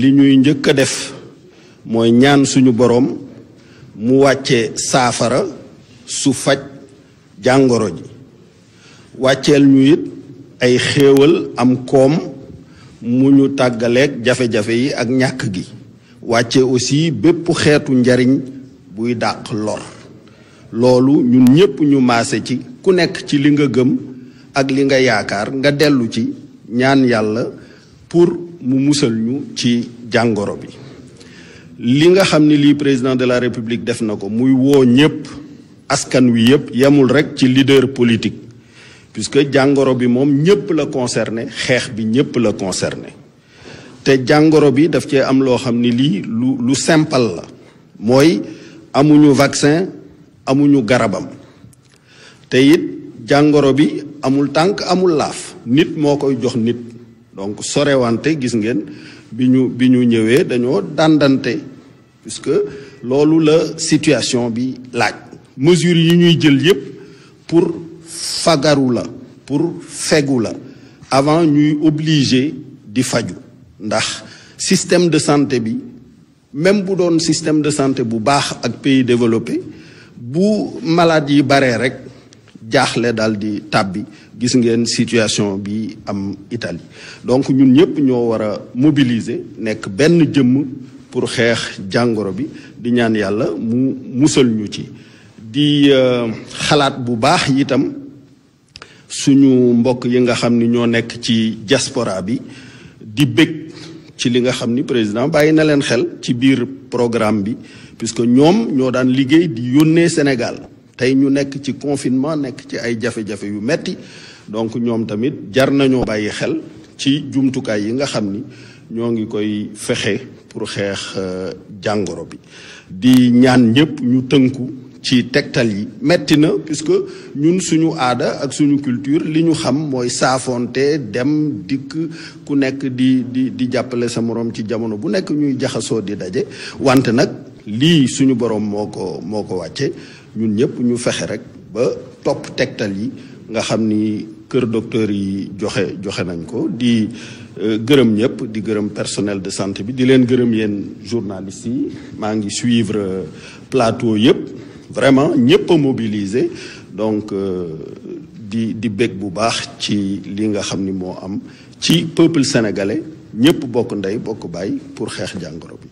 li ñuy njëkk a def mooy ñaan suñu boroom mu wàcce saafara su faj jàngoro ji wàcceel ñu it ay xéewal am koom mu ñu tàggaleek jafe-jafe yi ak ñàkk gi wàcce aussi bépp xeetu njariñ buy dàq lor loolu ñun ñépp ñu maase ci ku nekk ci li nga gëm ak li nga yaakaar nga dellu ci ñaan yàlla pour mu musal ñu ci jàngoro bi li nga xam ni lii président de la république def na ko muy woo ñëpp askan wi yëpp yamul rekk ci lider politique puisque jàngoro bi moom ñëpp la concerné xeex bi ñëpp la concerné te jàngoro bi daf cee am loo xam ni lii lu lu simple la mooy amuñu vaccin amuñu garabam te it jàngoro bi amul tànk amul laaf nit moo koy jox nit donc sorewante gis ngeen biñu biñu ñëwé dañoo dandanté puisque loolu la situation bi laaj Mesure yi ñuy jël yépp pour fagarou la pour fegu la avant ñuy obligé di faju ndax système de santé bi même bu doon système de santé bu baax ak pays développé bu maladie yi rek jaaxle dal di tàbbi gis ngeen situation bi am Italie donc ñun ñëpp ñoo wara mobiliser nek benn jëm pour xex jangoro bi di ñaan Yalla mu musal ñu ci di euh, xalaat bu baax tam suñu mbokk yi nga xamni ni ñoo ci diaspora bi di bekk ci li nga xamni ni président na len xel ci biir programme bi puisque ñom ñoo daan liggéey di yónnee Sénégal tay ñu nekk ci confinement nekk ci ay jafe-jafe yu metti donc ñoom tamit jar nañu bàyyi xel ci jumtukaay yi nga xam ni ñoo ngi koy fexe pour xeex euh, jàngoro bi di ñaan ñëpp ñu tënku ci tegtal yi metti na puisque ñun suñu aada ak suñu culture li ñu xam mooy saafonte dem dikk ku nekk di di di jàppale sa morom ci jamono bu nekk ñuy jaxasoo di daje wante nag li suñu borom moko ko moo ko ñun ñëpp ñu fexé rek ba top tegtal yi nga xamni ni docteur yi joxé joxé nañ ko di euh, gërëm ñëpp di gërëm personnel de santé bi di leen gërëm yeen journalistes yi maa ngi suivre euh, plateau yëpp vraiment ñëpp mobilisé mobiliser donc euh, di di bég bu baax ci li nga xam ni moo am ci peuple sénégalais ñëpp bokk ndey bokk bàyyi pour xeex jàngoro bi